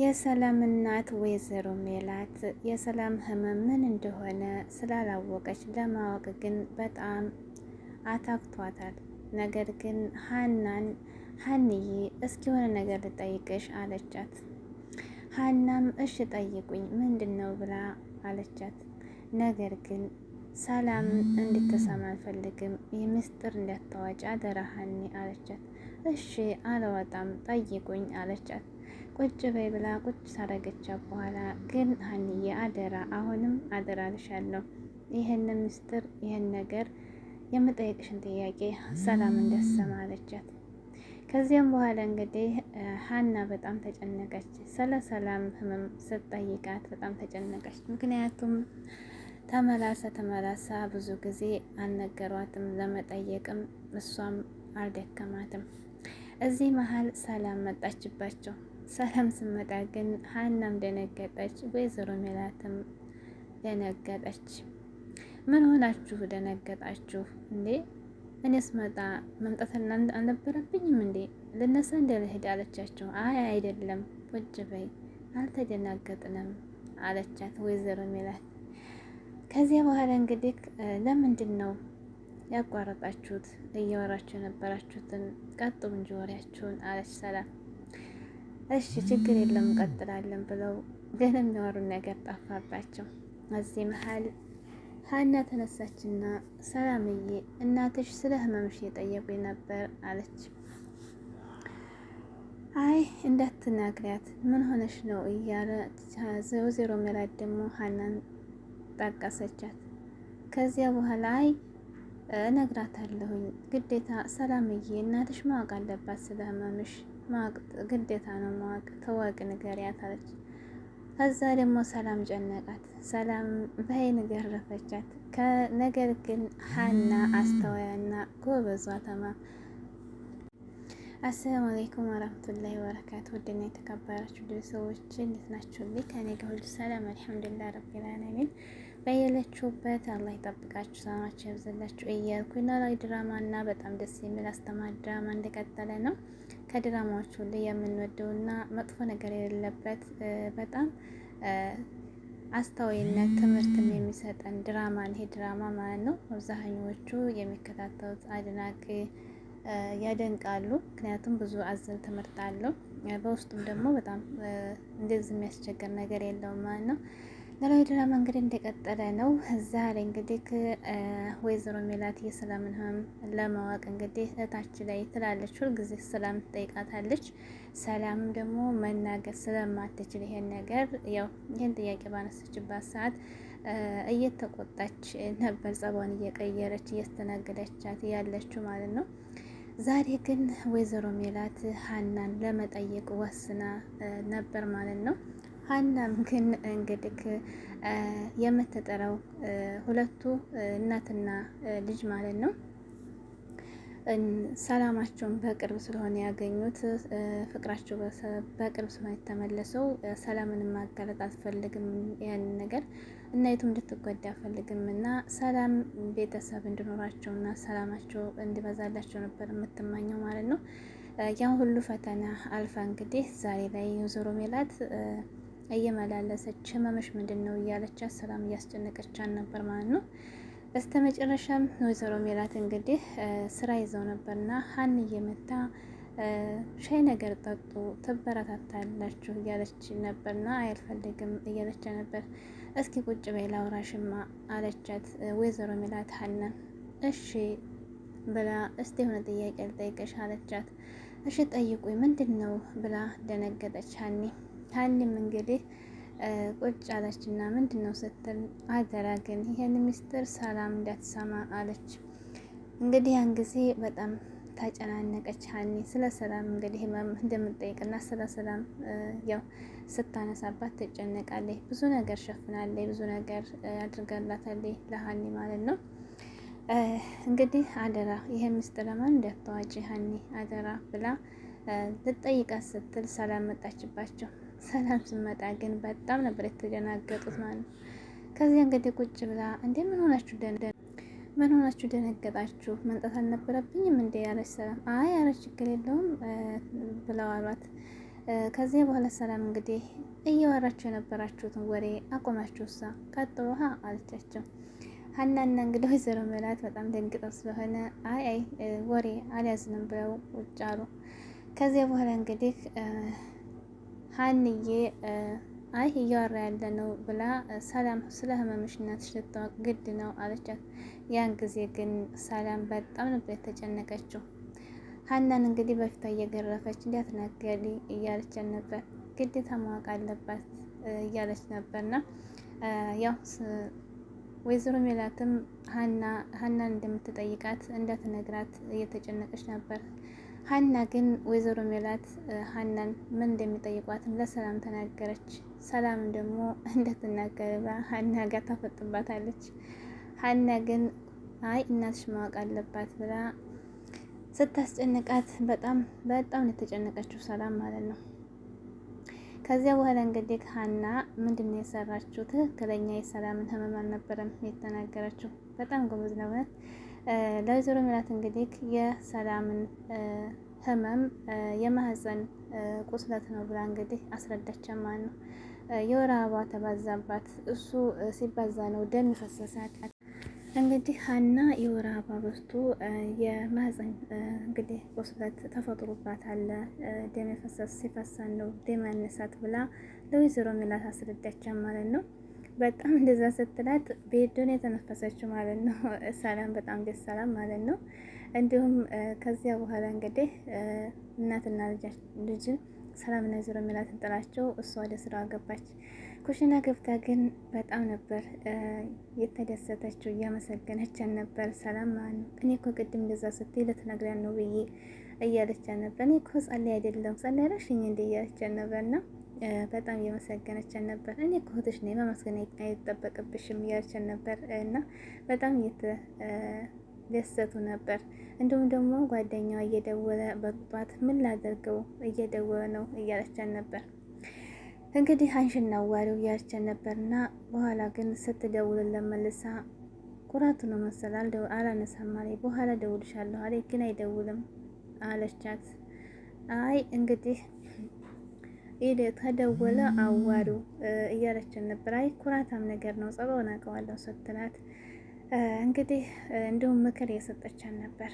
የሰላም እናት ወይዘሮ ሜላት የሰላም ህመም ምን እንደሆነ ስላላወቀች ለማወቅ ግን በጣም አታክቷታል። ነገር ግን ሀናን ሀንዬ እስኪ የሆነ ነገር ልጠይቅሽ አለቻት። ሀናም እሽ ጠይቁኝ ምንድን ነው ብላ አለቻት። ነገር ግን ሰላም እንድትሰማ አልፈልግም፣ የምስጢር እንዳታዋጭ አደራ ሀኒ አለቻት። እሺ አለወጣም ጠይቁኝ አለቻት። ቁጭ በይ ብላ ቁጭ ሳረገቻ በኋላ ግን ሀንዬ አደራ አሁንም አደራ ልሻለሁ ይህንን ምስጢር ይህን ነገር የምጠይቅሽን ጥያቄ ሰላም እንደሰማ አለቻት። ከዚያም በኋላ እንግዲህ ሀና በጣም ተጨነቀች። ስለ ሰላም ህመም ስትጠይቃት በጣም ተጨነቀች። ምክንያቱም ተመላሳ ተመላሳ ብዙ ጊዜ አልነገሯትም፣ ለመጠየቅም እሷም አልደከማትም። እዚህ መሀል ሰላም መጣችባቸው። ሰላም ስመጣ ግን ሀናም ደነገጠች፣ ወይዘሮ ሜላትም ደነገጠች። ምን ሆናችሁ ደነገጣችሁ እንዴ? እኔ ስመጣ መምጣት አልነበረብኝም እንዴ? ልነሳ እንደ ልሄድ አለቻቸው። አይ አይደለም፣ ቁጭ በይ አልተደናገጥንም አለቻት ወይዘሮ ሜላት። ከዚያ በኋላ እንግዲህ ለምንድን ነው ያቋረጣችሁት እያወራችሁ የነበራችሁትን ቀጥሉ እንጂ ወሬያችሁን አለች ሰላም እሺ ችግር የለም እንቀጥላለን ብለው ግን የሚያወሩን ነገር ጠፋባቸው። እዚህ መሀል ሀና ተነሳችና ሰላምዬ እናትሽ ስለ ህመምሽ እየጠየቁኝ ነበር አለች። አይ እንዳትናግሪያት ምን ሆነሽ ነው እያለ ዘውዜሮ ሜላት ደግሞ ሀናን ጠቀሰቻት። ከዚያ በኋላ አይ እነግራታለሁኝ። ግዴታ ሰላምዬ፣ እናትሽ ማወቅ አለባት ስለ ህመምሽ ማወቅ ግዴታ ነው። ማወቅ ተዋቂ ንገሪያት አለች። ከዛ ደግሞ ሰላም ጨነቃት። ሰላም በሀይል ገረፈቻት። ከነገር ግን ሀና አስተዋያና ጎበዟ ተማም አሰላሙ አለይኩም ወራህመቱላሂ ወበረካቱ። ውድና የተከበራችሁ ሰዎች እንዴት ናችሁልኝ? ከኔ ጋር ሁሉ ሰላም አልሐምዱሊላህ ረቢል ዓለሚን በየለችሁበት አላህ ይጠብቃችሁ፣ ሰማችሁ ያብዛላችሁ እያልኩ ኖላዊ ድራማ እና በጣም ደስ የሚል አስተማሪ ድራማ እንደቀጠለ ነው። ከድራማዎች ሁሉ የምንወደው እና መጥፎ ነገር የሌለበት በጣም አስተዋይነት ትምህርትም የሚሰጠን ድራማ ይሄ ድራማ ማለት ነው። አብዛኞቹ የሚከታተሉት አድናቂ ያደንቃሉ። ምክንያቱም ብዙ አዘል ትምህርት አለው። በውስጡም ደግሞ በጣም እንደዚህ የሚያስቸግር ነገር የለውም ማለት ነው። ኖላዊ ድራማ እንግዲህ እንደቀጠለ ነው። ዛሬ እንግዲህ ወይዘሮ ሜላት የሰላምን ህመም ለማወቅ እንግዲህ እታች ላይ ትላለች። ሁልጊዜ ሰላም ትጠይቃታለች። ሰላምም ደግሞ መናገር ስለማትችል ይሄን ነገር ያው ይህን ጥያቄ ባነሰችባት ሰዓት እየተቆጣች ነበር፣ ጸባውን እየቀየረች እያስተናገደቻት ያለችው ማለት ነው። ዛሬ ግን ወይዘሮ ሜላት ሀናን ለመጠየቅ ወስና ነበር ማለት ነው። ሀናም ግን እንግዲህ የምትጠራው ሁለቱ እናትና ልጅ ማለት ነው ሰላማቸውን በቅርብ ስለሆነ ያገኙት ፍቅራቸው በቅርብ ስለሆነ የተመለሰው ሰላምን ማጋለጥ አልፈልግም፣ ያንን ነገር እናይቱ እንድትጎዳ አልፈልግም እና ሰላም ቤተሰብ እንዲኖራቸው እና ሰላማቸው እንዲበዛላቸው ነበር የምትማኘው ማለት ነው። ያን ሁሉ ፈተና አልፋ እንግዲህ ዛሬ ላይ ወይዘሮ ሜላት እየመላለሰች ህመምሽ ምንድን ነው እያለቻት ሰላም እያስጨነቀቻን ነበር ማለት ነው። በስተ መጨረሻም ወይዘሮ ሜላት እንግዲህ ስራ ይዘው ነበርና ሀን እየመታ ሻይ ነገር ጠጡ ትበረታታላችሁ እያለች ነበርና አያልፈልግም እያለች ነበር። እስኪ ቁጭ በይ ላውራሽማ አለቻት ወይዘሮ ሜላት ሀነ እሺ ብላ እስቲ የሆነ ጥያቄ ልጠይቅሽ አለቻት። እሺ ጠይቁኝ ምንድን ነው ብላ ደነገጠች ሀኔ ሀኒም እንግዲህ ቁጭ አለችና ምንድን ነው ስትል አደራ ግን ይህን ሚስጥር ሰላም እንዳትሰማ አለች። እንግዲህ ያን ጊዜ በጣም ታጨናነቀች ሀኒ ስለ ሰላም እንግዲህ እንደምጠይቅና ስለ ሰላም ያው ስታነሳባት ትጨነቃለች። ብዙ ነገር ሸፍናለች፣ ብዙ ነገር አድርጋላታለች ለሀኒ ማለት ነው። እንግዲህ አደራ ይሄ ሚስጥር ለማን እንዳታዋጪ ሀኒ አደራ ብላ ልጠይቃት ስትል ሰላም መጣችባቸው። ሰላም ስመጣ ግን በጣም ነበር የተደናገጡት ማለት ነው። ከዚያ እንግዲህ ቁጭ ብላ እንዴ ምን ሆናችሁ ምን ሆናችሁ ደነገጣችሁ? መምጣት አልነበረብኝም እንዴ ያለች ሰላም አይ አረ ችግር የለውም ብለው አሏት። ከዚያ በኋላ ሰላም እንግዲህ እየወራችሁ የነበራችሁትን ወሬ አቆማችሁ እሳ ቀጥሎ ውሃ አለቻቸው። ሀናና እንግዲህ ወይዘሮ ሜላት በጣም ደንግጠው ስለሆነ አይ አይ ወሬ አልያዝንም ብለው ውጭ አሉ። ከዚያ በኋላ እንግዲህ ሀንዬ አይ እያወራ ያለ ነው ብላ ሰላም ስለ ህመምሽነት እናትሽ ልታወቅ ግድ ነው አለቻት። ያን ጊዜ ግን ሰላም በጣም ነበር የተጨነቀችው። ሀናን እንግዲህ በፊቷ እየገረፈች እንዲያትናገሪ እያለችን ነበር፣ ግዴታ ማወቅ አለባት እያለች ነበርና ያው ወይዘሮ ሜላትም ሀናን እንደምትጠይቃት እንዳትነግራት እየተጨነቀች ነበር። ሀና ግን ወይዘሮ ሜላት ሀናን ምን እንደሚጠይቋትም ለሰላም ተናገረች። ሰላም ደግሞ እንደትናገር ሀና ጋር ታፈጥባታለች። ሀና ግን አይ እናትሽ ማወቅ አለባት ብላ ስታስጨንቃት በጣም በጣም የተጨነቀችው ሰላም ማለት ነው። ከዚያ በኋላ እንግዲህ ሀና ምንድን ነው የሰራችው? ትክክለኛ የሰላምን ህመም አልነበረም የተናገረችው። በጣም ጎበዝ ነው። ለወይዘሮ ሚላት እንግዲህ የሰላምን ህመም የማህፀን ቁስለት ነው ብላ እንግዲህ አስረዳቻ ማለት ነው። የወር አበባ ተባዛባት። እሱ ሲባዛ ነው ደም ፈሰሳት። እንግዲህ ሀና የወር አበባ በዝቶ የማህፀን እንግዲህ ቁስለት ተፈጥሮባት አለ ደም የፈሰስ ሲፈሳ ነው ደም ያነሳት ብላ ለወይዘሮ ሚላት አስረዳቻ ማለት ነው። በጣም እንደዛ ስትላት ቤዱን የተነፈሰችው ማለት ነው። ሰላም በጣም ደስ ሰላም ማለት ነው። እንዲሁም ከዚያ በኋላ እንግዲህ እናትና ልጅ ሰላም እና ዙሮ የሚላትን ጥላቸው እሷ ወደ ስራ ገባች። ኩሽና ገብታ ግን በጣም ነበር የተደሰተችው፣ እያመሰገነችን ነበር ሰላም ማለት ነው። እኔ እኮ ቅድም እንደዛ ስትይ ልትነግሪያን ነው ብዬ እያለችን ነበር። እኔ እኮ ጸላይ አይደለም ጸላይ ረሽኝ እንደ እያለችን ነበርና በጣም እየመሰገነችን ነበር። እኔ እኮ እህትሽ ነኝ መመስገን አይጠበቅብሽም እያለችን ነበር እና በጣም እየተደሰቱ ነበር። እንዲሁም ደግሞ ጓደኛዋ እየደወለ በቅጧት ምን ላደርገው እየደወለ ነው እያለችን ነበር። እንግዲህ አንሽና ዋሪው እያለችን ነበር እና በኋላ ግን ስትደውልልን መልሳ ቁራቱ ነው መሰላል አላነሳም አለኝ። በኋላ ደውልሻለሁ አለኝ፣ ግን አይደውልም አለቻት። አይ እንግዲህ ኢደ ተደወለ አዋሪው እያለችን ነበር። አይ ኩራታም ነገር ነው ጸባውን አውቀዋለሁ ስትላት እንግዲህ እንዲሁም ምክር እየሰጠችን ነበር።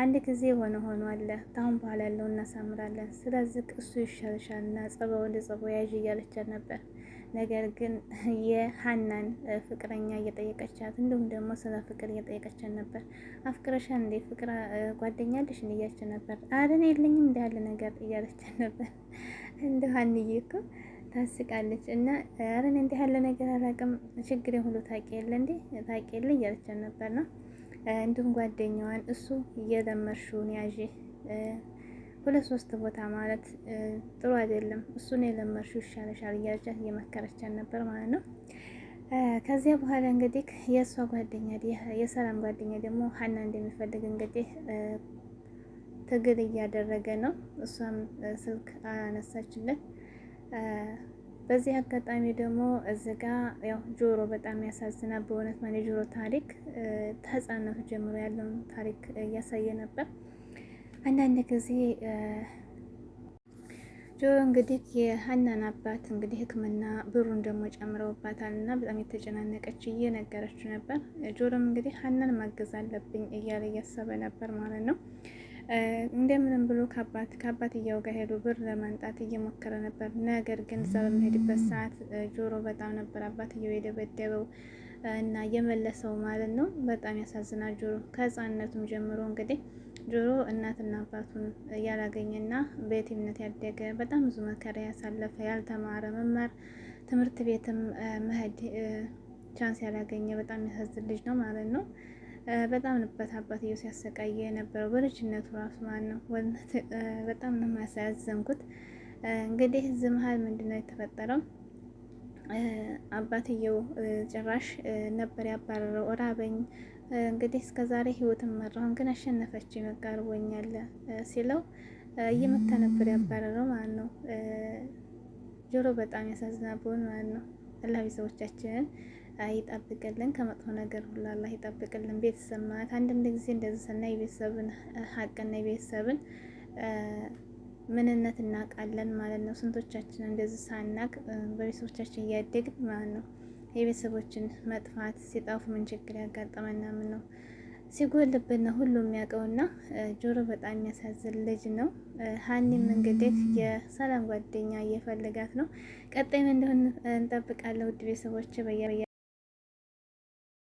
አንድ ጊዜ የሆነ ሆኖ አለ ታሁን በኋላ ያለው እናሳምራለን። ስለዚህ እሱ ይሻልሻል እና ጸባው እንደ ጸባው ያዥ እያለቻት ነበር። ነገር ግን የሀናን ፍቅረኛ እየጠየቀቻት እንዲሁም ደግሞ ስለ ፍቅር እየጠየቀቻት ነበር። አፍቅረሻል እንዴ ፍቅር ጓደኛለሽ አለሽ ነበር። አረን የለኝም ያለ ነገር እያለቻት ነበር። እንደ ሀንዬ እኮ ታስቃለች እና አረን እንዲህ ያለ ነገር አላውቅም ችግሬን ሁሉ ታውቂ የለ እንዴ ታውቂ የለ እያለቻት ነበር ነው እንዲሁም ጓደኛዋን እሱ እየለመድሽውን ያዥ ሁለት ሶስት ቦታ ማለት ጥሩ አይደለም፣ እሱን የለመርሽው ይሻለሻል እያለቻት እየመከረቻት ነበር ማለት ነው። ከዚያ በኋላ እንግዲህ የእሷ ጓደኛ የሰላም ጓደኛ ደግሞ ሀና እንደሚፈልግ እንግዲህ ትግል እያደረገ ነው። እሷም ስልክ አነሳችልን። በዚህ አጋጣሚ ደግሞ እዚህ ጋ ያው ጆሮ በጣም ያሳዝናል። በእውነት ማን የጆሮ ታሪክ ተህፃነቱ ጀምሮ ያለውን ታሪክ እያሳየ ነበር። አንዳንድ ጊዜ ጆሮ እንግዲህ የሀናን አባት እንግዲህ ሕክምና ብሩን ደግሞ ጨምረውባታል እና በጣም የተጨናነቀች እየነገረች ነበር። ጆሮም እንግዲህ ሀናን ማገዝ አለብኝ እያለ እያሰበ ነበር ማለት ነው። እንደምንም ብሎ ከአባት ከአባትየው ጋር ሄዶ ብር ለማንጣት እየሞከረ ነበር። ነገር ግን እዛ በሚሄድበት ሰዓት ጆሮ በጣም ነበር አባትየው የደበደበው እና የመለሰው ማለት ነው። በጣም ያሳዝናል ጆሮ ከህፃንነቱም ጀምሮ እንግዲህ ጆሮ እናትና አባቱን ያላገኘና በየቲምነት ያደገ በጣም ብዙ መከራ ያሳለፈ ያልተማረ መማር ትምህርት ቤትም መሄድ ቻንስ ያላገኘ በጣም ያሳዝን ልጅ ነው ማለት ነው። በጣም ነበር አባትየው ሲያሰቃየ የነበረው በልጅነቱ ራሱ ማን ነው። በጣም ነው የሚያሳዝንኩት። እንግዲህ እዚህ መሀል ምንድን ነው የተፈጠረው? አባትየው ጭራሽ ነበር ያባረረው። ራበኝ እንግዲህ እስከ ዛሬ ህይወትን መራሁን ግን አሸነፈች መቃርቦኛል ሲለው እየመታ ነበር ያባረረው ማለት ነው። ጆሮ በጣም ያሳዝናብን ማለት ነው። አላህ ቤተሰቦቻችንን ይጠብቅልን፣ ከመጥፎ ነገር ሁሉ አላህ ይጠብቅልን። ቤተሰብ ማለት አንዳንድ ጊዜ እንደዚህ ስናይ የቤተሰብን ሀቅና የቤተሰብን ምንነት እናውቃለን ማለት ነው። ስንቶቻችን እንደዚህ ሳናቅ በቤተሰቦቻችን እያደግን ማለት ነው የቤተሰቦችን መጥፋት ሲጠፉ ምን ችግር ያጋጠመና ምን ነው ሲጎልብን ነው ሁሉ የሚያውቀውና ጆሮ በጣም የሚያሳዝን ልጅ ነው። ሀኒም እንግዲህ የሰላም ጓደኛ እየፈለጋት ነው። ቀጣይ ምን እንደሆነ እንጠብቃለን። ውድ ቤተሰቦች በያ